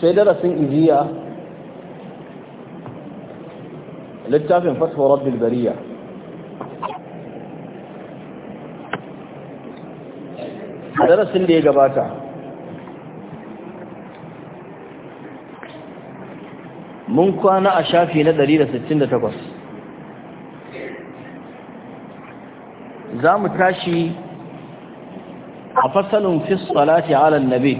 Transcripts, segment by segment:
sai darasin ijiya littafin fasfo rabbil bariya darasin da ya gabata mun kwana a shafi na 168 za mu tashi a fasalin fi salati ala nabi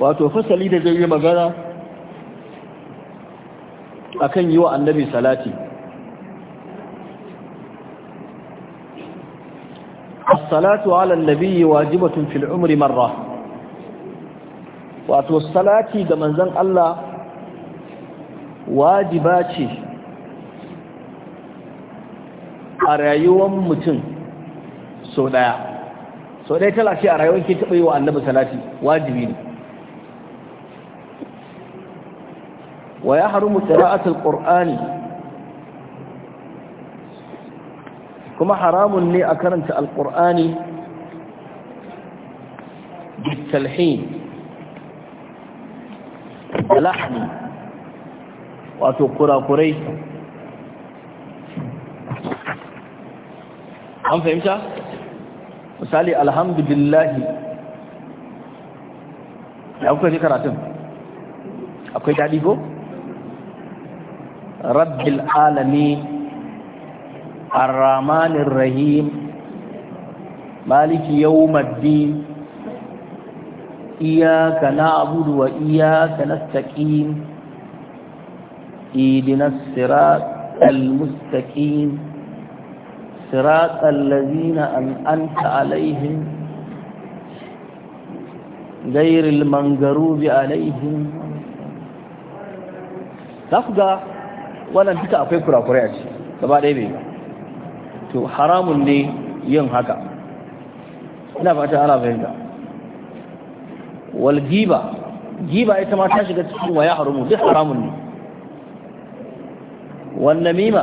wato fasali da zai yi magana akan yi wa annabi salati as-salatu ala an-nabi wajibatun fil umri marra wato salati ga manzon Allah wajiba ce a rayuwar mutum sau daya sau daya tala ce a rayuwar ki taɓa yi wa annabi salati wajibi ne ويحرم قراءة القرآن كما حرام لي أكرمت القرآن بالتلحين بلحن وتقرى قريش an fahimta misali alhamdulillahi ya kuka ji karatun akwai daɗi ko? رب العالمين الرحمن الرحيم مالك يوم الدين إياك نعبد وإياك نستقيم إيدنا الصراط المستقيم صراط الذين أنت عليهم غير المنغروب عليهم تفقى wannan duka akwai kurakure a ce gaba ɗaya bai to haramun ne yin haka ina fata ana fahimta wal giba giba ita ma ta shiga cikin wa ya haramu duk haramun ne wan namima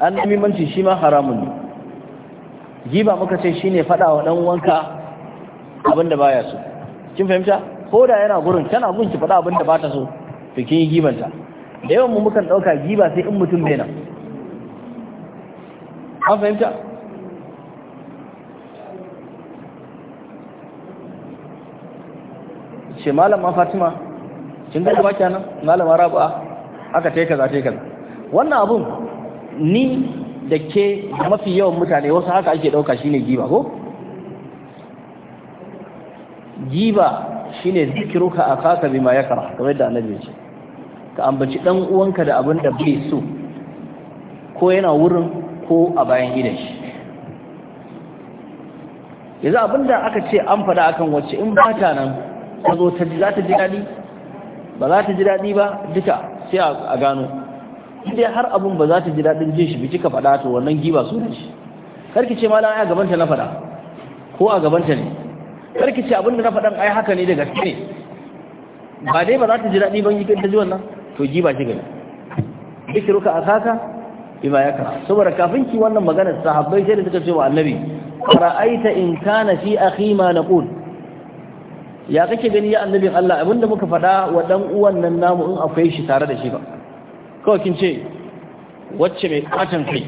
an namimanci shi ma haramun ne giba muka ce shine fada wa dan wanka abinda baya so kin fahimta ko da yana gurin kana gunki fada abinda ba ta so to kin yi gibanta da yawan mu mukan ɗauka giba sai in mutum bai nan an fahimta ce malama fatima kin ga ba kyanan malama rabu'a aka teka kaza tai kaza wannan abun ni da ke mafi yawan mutane wasu haka ake ɗauka shine giba ko giba shine zikiruka ma bima kara kamar da annabi ce ka ambaci dan uwanka da abin da bai so ko yana wurin ko a bayan gidan shi yanzu abin da aka ce an faɗa akan wacce in ba ta nan ta zo ta ji za ta ji daɗi ba za ta ji daɗi ba duka sai a gano inda har abin ba za ta ji daɗin jin shi bi ka faɗa to wannan giba sunan shi karki ce ma ai a gabanta na faɗa ko a gabanta ne karki ce abin da na faɗan ai haka ne da gaske ne ba dai ba za ta ji daɗi ban yi ta ji wannan to ji ba shi gani ka, akaka bima yakra saboda kafin ki wannan maganar sahabbai sai da suka ce wa annabi ra'aita in kana fi akhi ma naqul ya kake gani ya annabin Allah abinda muka faɗa wa dan uwan nan namu in akwai shi tare da shi ba kawai kin ce wacce mai katon kai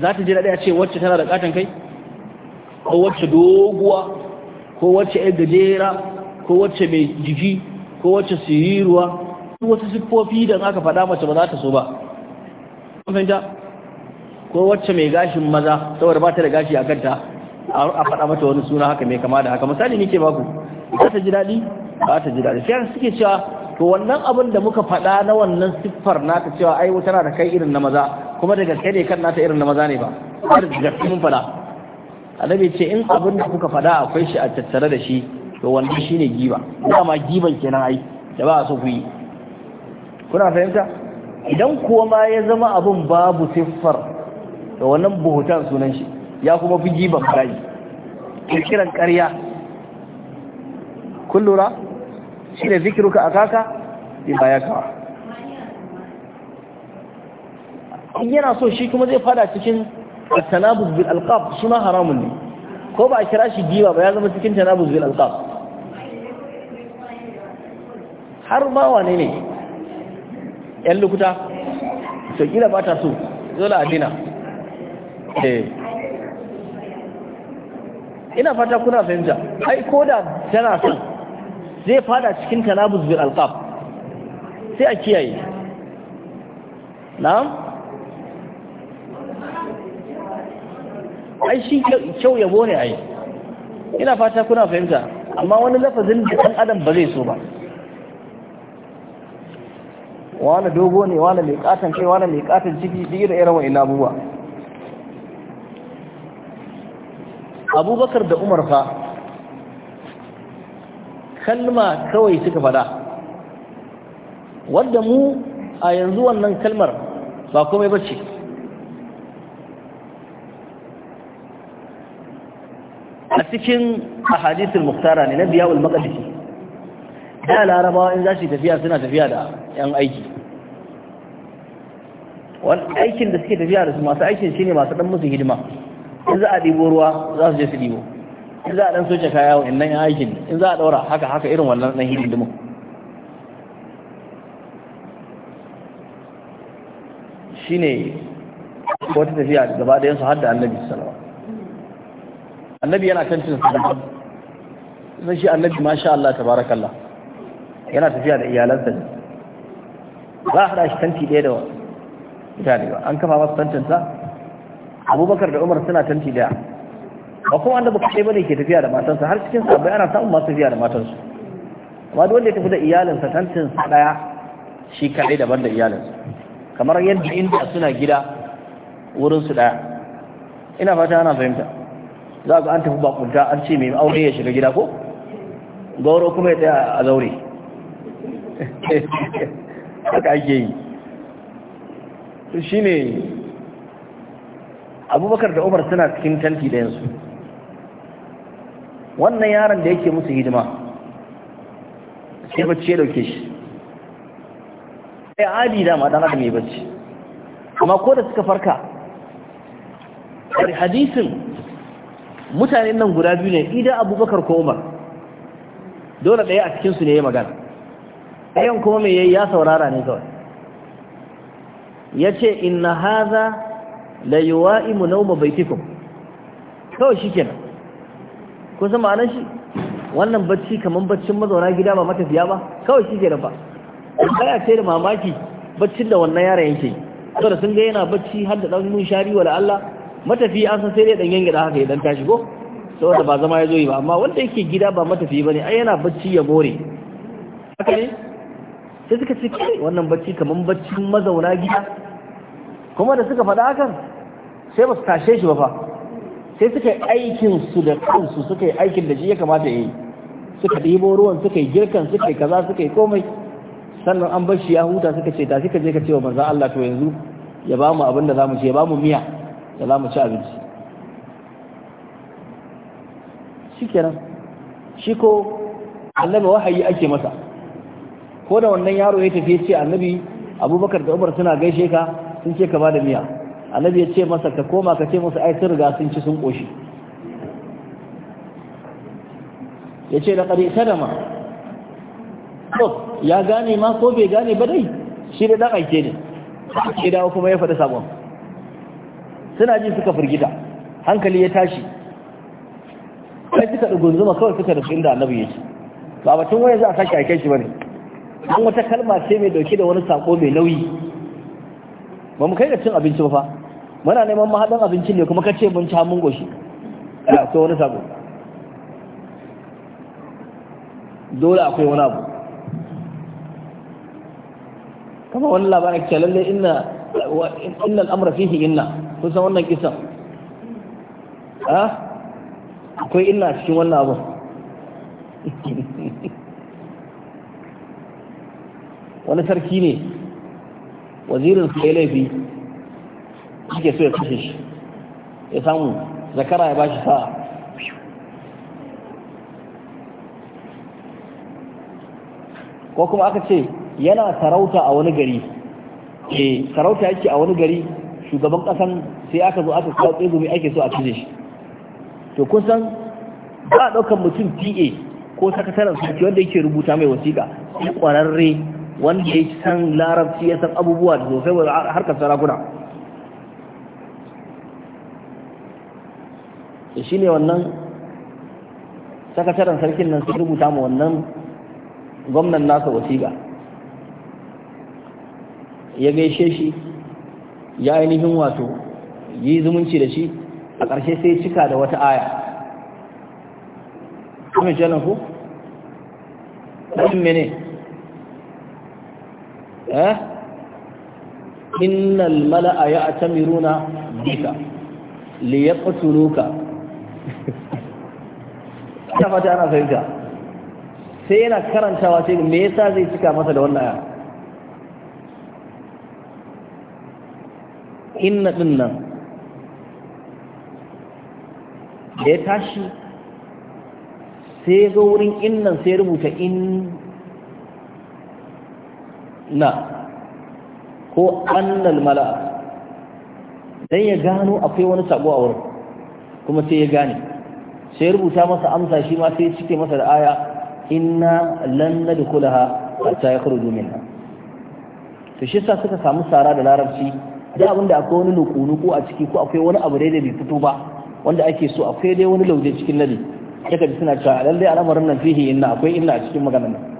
za ta ji da ce wacce tana da katan kai ko wacce doguwa ko wacce ya gajera ko wacce mai jiki ko wacce siriruwa duk wasu siffofi da aka faɗa mace ba za ta so ba ko wacce mai gashin maza saboda ba ta da gashi a kanta a faɗa mata wani suna haka mai kama da haka misali nike baku za ta ji daɗi ba ta ji daɗi sai suke cewa to wannan abin da muka faɗa na wannan siffar naka cewa ai wata na da kai irin na maza kuma da gaske ne kan nata irin na maza ne ba har da gaske mun faɗa annabi ce in abin da kuka faɗa akwai shi a tattare da shi to wannan shine giba dama giban kenan ai da ba a so ku yi kuna fahimta idan kuwa ma ya zama abin babu siffar to wannan buhutan sunan shi ya kuma fi giban bayi kirkiran ƙarya kun lura shi ne zikiruka a kaka in baya kawa in yana so shi kuma zai fada cikin tanabuz bil alqab suna haramun ne ko ba a kira shi giba ba ya zama cikin tanabuz bil alqab har ma wane ne yan lukuta to kila ba ta so zola a dina eh ina fata kuna fahimta ai ko da tana so. zai fada cikin tanabuz bil alqab sai a kiyaye na'am ai shi kyau yabo ne ai ina fata kuna fahimta amma wani lafazin da ɗan adam ba zai so ba Wane dogo ne wane mai katon kai wane mai katon ciki duk da irin wa'in abubuwa abubakar da umar fa kalma kawai suka fada wadda mu a yanzu wannan kalmar ba komai bacci a cikin ahadisin muktara ne na biya ul maqdisi da larabawa in za su tafiya suna tafiya da yan aiki wani aikin da suke tafiya da su masu aikin shine masu dan musu hidima in za a ɗibo ruwa za su je su ɗibo in za a ɗan soce kaya in nan aikin in za a ɗaura haka haka irin wannan ɗan Shi ne wata tafiya gaba da yansu har da annabi salawa annabi yana kan cin sadaka sai shi annabi masha Allah tabarakallah yana tafiya da iyalansa ne za a haɗa shi tanti ɗaya da mutane an kafa masu tantanta abubakar da umar suna tanti daya ba kuma annabi kaɗai bane ke tafiya da matansa har cikin sabai ana samun masu tafiya da matansu amma duk wanda ya tafi da iyalinsa sa daya shi kaɗai daban da iyalinsa kamar yadda inda suna gida wurinsu daya ina fata ana fahimta za ga an tafi bakunta an ce mai aure ya shiga gida ko gauro kuma ya tsaya a zaure haka ake yi shi ne abubakar da umar suna cikin tanti da yansu wannan yaron da yake musu hidima sai bacci ya dauke shi sai adi da ma dan adam ya bacci amma ko da suka farka hadisin mutanen nan guda biyu ne idan abubakar ko umar dole ɗaya a cikinsu ne ya magana ɗayan kuma mai ya saurara ne kawai Ya ce inna haza la yuwa'imu nauma baitikum kawai shikenan kun san ma'anar shi wannan bacci kaman baccin mazauna gida ba matafiya ba kawai shi shikenan ba baya ce da mamaki baccin da wannan yanke. yake da sun ga yana bacci har da dan mun shari wala Allah matafi an san sai dai dan da haka idan ta shigo saboda ba zama ya zo yi ba amma wanda yake gida ba matafi bane ai yana bacci ya more haka ne sai suka ce kai wannan bacci kaman baccin mazauna gida kuma da suka faɗa hakan sai ba su tashe shi ba fa sai suka yi aikin su da kansu suka yi aikin da shi ya kamata ya yi suka ɗibo ruwan suka yi girkan suka yi kaza suka yi komai sannan an bar shi ya huta suka ce ta suka je ka ce wa manzon Allah to yanzu ya ba mu abin da za mu ce ya ba mu miya da za mu ci abinci shikenan shi ko annabi wahayi ake masa ko da wannan yaro ya tafi ya ce annabi abubakar da umar suna gaishe ka sun ce ka bada miya annabi ya ce masa ka koma ka ce musu ai sun riga sun ci sun koshi ya ce da ƙari sadama ya gane ma ko bai gane ba dai shi da ɗan aike ne ya dawo kuma ya faɗi sabon suna ji suka firgita hankali ya tashi kai suka da gunzuma kawai suka da inda annabi ya ce ba batun waya za a sake aike shi ba ne an wata kalma ce mai dauke da wani sako mai nauyi ba mu kai ga cin abinci ba fa muna neman mahaɗin abinci ne kuma kace mun ci mun goshi ya to wani sabo dole akwai wani abu kama wani labarin ke lalle inna inna al'amra fihi inna kun san wannan kisan ha akwai inna cikin wannan abu wani sarki ne wazirin su ya laifi ke so ya kashe shi ya samu zakara ya ba shi sa'a ko kuma aka ce yana sarauta a wani gari e sarauta yake a wani gari shugaban kasan sai aka zo aka kawo tsegumi ake so a kashe shi to kusan ba a ɗaukar mutum ta ko sakataren sarki wanda yake rubuta mai wasiƙa ya ƙwararre wanda ya san larabci ya san abubuwa da sosai wa harkar sarakuna da shi ne wannan sakataren sarkin nan sun rubuta ma wannan gwamnan nasa wasiga ya gaishe shi ya ainihin wato yi zumunci da shi a ƙarshe sai cika da wata aya kuma ce ku? ɗan mene eh innal mala'a ya'tamiruna bika liyaqtuluka ta fata ana fahimta sai yana karantawa sai me yasa zai cika masa da wannan aya inna dinnan nan da ya tashi sai ya zo wurin innan sai rubuta in na ko annal mala'a dan ya gano akwai wani sabo a wurin kuma sai ya gane sai rubuta masa amsa shi ma sai cike masa da aya inna lan nadkhulaha hatta yakhruju minha to shi sa suka samu sara da larabci da abinda akwai wani lukunu ko a ciki ko akwai wani abu da bai fito ba wanda ake so akwai dai wani lauje cikin nadi kaga suna cewa lalle al'amarin nan fihi inna akwai inna a cikin maganar nan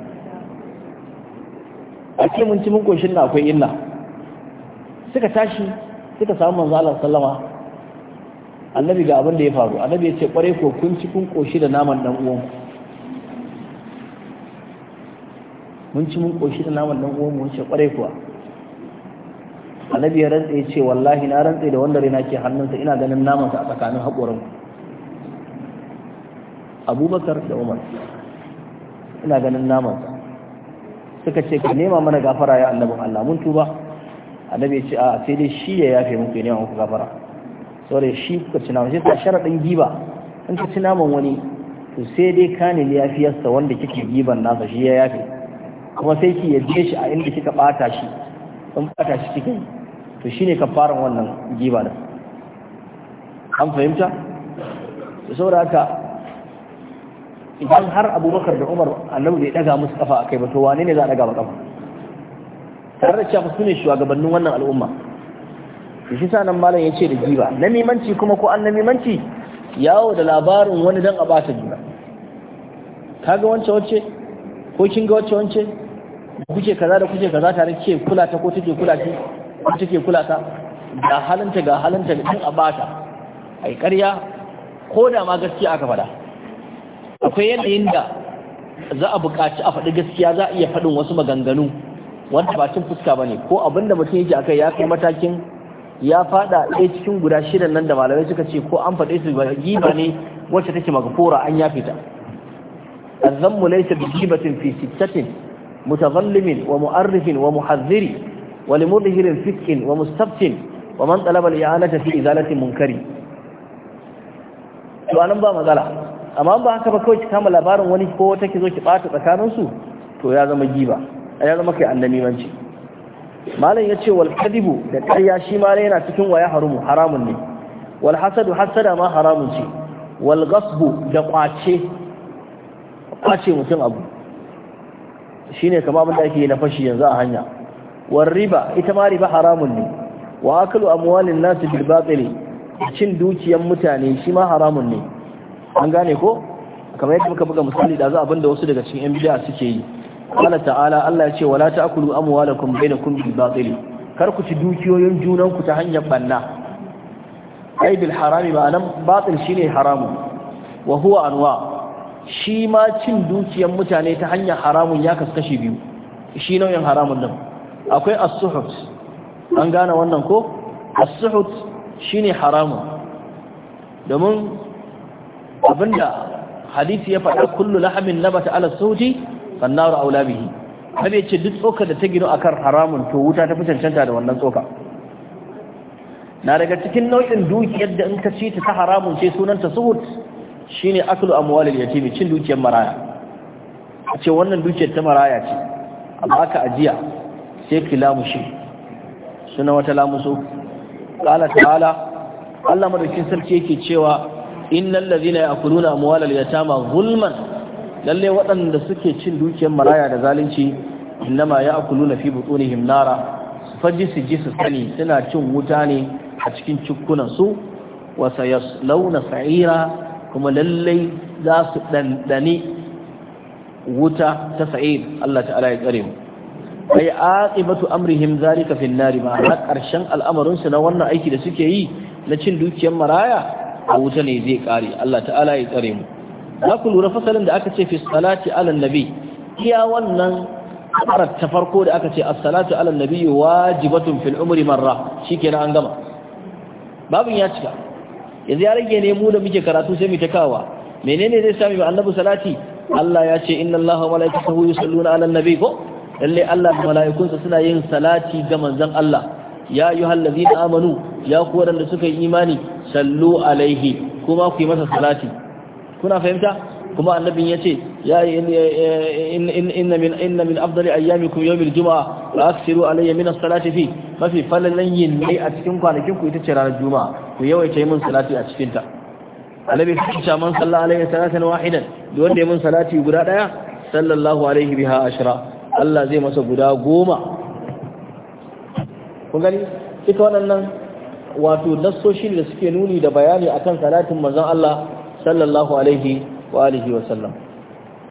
a ce mun ci mun koshin na akwai illa suka tashi suka samu manzo Allah sallama annabi ga abin da ya faru annabi ya ce kware ko kun ci kun koshi da naman dan uwan mun ci mun koshi da naman dan uwan mun ce kware kuwa annabi ya rantsa ya ce wallahi na rantsa da wanda rina ke hannunsa ina ganin namansa a tsakanin haƙorin abubakar da umar ina ganin namansa suka ce ka nema mana gafara ya annabin Allah mun tuba annabi ya ce a sai dai shi ya yafe muku nema muku gafara saboda shi kuka ci shi ta sharaɗin giba in ka ci naman wani to sai dai ka ne yafiyarsa wanda kike giban nasa shi ya yafe kuma sai ki yaje shi a inda kika bata shi in bata shi kike to shine kafaran wannan giba da an fahimta saboda haka idan har abubakar da umar annabi bai daga musu kafa akai ba to wane ne za a daga ba kafa tare da cewa su ne shugabannin wannan al'umma shi sa nan malam ya ce da giba mimanci kuma ko an mimanci? yawo da labarin wani dan a bata juna ga wance wance ko kin ga wance wance kuke kaza da kuke kaza tare ke kula ta ko take kula ta ko take kula ta ga halanta ga halanta da kin a bata ai ƙarya ko da ma gaskiya aka faɗa akwai yanayin da za a buƙaci a faɗi gaskiya za a iya faɗin wasu maganganu wanda ba cin fuska ba ne ko abin da mutum yake akai ya kai matakin ya faɗa ɗaya cikin guda shirin nan da malamai suka ce ko an faɗi su giba ne wacce take magafora an ya fita azan mu laisa bi gibatin fi sittatin mutazallimin wa mu'arrifin wa muhazziri wa limudhirin fitkin wa mustaftin wa man talaba al'alata fi izalati munkari to anan ba magana amma ba haka ba kawai ki kama labarin wani ko wata ki zo ki bata tsakanin su to ya zama giba ya zama kai manci malam yace wal kadibu da ƙarya shi ma yana cikin waya harumu haramun ne wal hasadu hasada ma haramun ce wal ghasbu da kwace kwace mutum abu shine kamar abin da ake yi na fashi yanzu a hanya wal riba ita ma riba haramun ne wa aklu amwalin nasu bil batili cin dukiyan mutane shi ma haramun ne an gane ko kamar yadda muka buga misali da za abin da wasu daga cikin yan bid'a suke yi Allah ta'ala Allah ya ce wala ta'kulu amwalakum bainakum bil batil kar ku ci dukiyoyin junan ku ta hanyar banna ai bil harami ma'anan batil shine haramu wa huwa anwa shi ma cin dukiyan mutane ta hanyar haramun ya kaskashi biyu shi nau'in haramun nan akwai as-suhut an gane wannan ko as-suhut shine haramun domin abinda hadisi ya faɗa kullu lahamin nabata ala sauti fannaru aula bihi nabi ce duk tsoka da ta gino akan haramun to wuta ta fi cancanta da wannan tsoka na daga cikin nau'in dukiyar da in ka ci ta haramun ce sunanta suhut shine aklu amwalil yatimi cin dukiyar maraya a ce wannan dukiyar ta maraya ce amma ka ajiya sai ki lamushi suna wata lamusu qala ta'ala Allah madaukin sarki yake cewa innal ladhina ya'kuluna amwalal yatama zulman lalle waɗanda suke cin dukiyar maraya da zalunci innama ya'kuluna fi butunihim nara faji su sani suna cin wuta ne a cikin cikkunan su wa sayaslawna sa'ira kuma lalle za su dandane wuta ta sa'ir Allah ta'ala ya tsare mu ai aqibatu amrihim zalika fi an-nar har karshen al'amarin su na wannan aiki da suke yi na cin dukiyar maraya a wuta ne zai kare Allah ta'ala ya tsare mu za ku lura fasalin da aka ce fi salati ala nabi iya wannan karar ta farko da aka ce as-salatu ala nabi wajibatun fil umri marra shikenan an gama babin ya cika yanzu ya rage ne mu da muke karatu sai mu ta kawa menene zai sami wa annabi salati Allah ya ce inna Allah wa malaikatahu yusalluna ala nabi ko lalle Allah da malaikunsa suna yin salati ga manzon Allah ya ayyuhallazina amanu ya ku wadanda suka yi imani sallu alaihi kuma ku yi masa salati kuna fahimta kuma annabin yace ya inna min inna min afdali ayyamikum yawmil juma'a wa aksiru alayya min as-salati fi mafi falalan yin ne a cikin kwanakin ku ita ce ranar juma'a ku yawaita yin salati a cikin ta annabi ya man sallallahu alaihi salatan wahidan duk wanda ya mun salati guda daya sallallahu alaihi biha ashra Allah zai masa guda goma kun gani ita wannan wato nassoshin da suke nuni da bayani akan salatin manzon Allah sallallahu alaihi wa alihi wa sallam